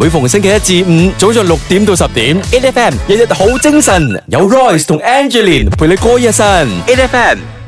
每逢星期一至五，早上六點到十點，AFM 日日好精神，有 Royce 同 Angelin 陪你過一晨，AFM。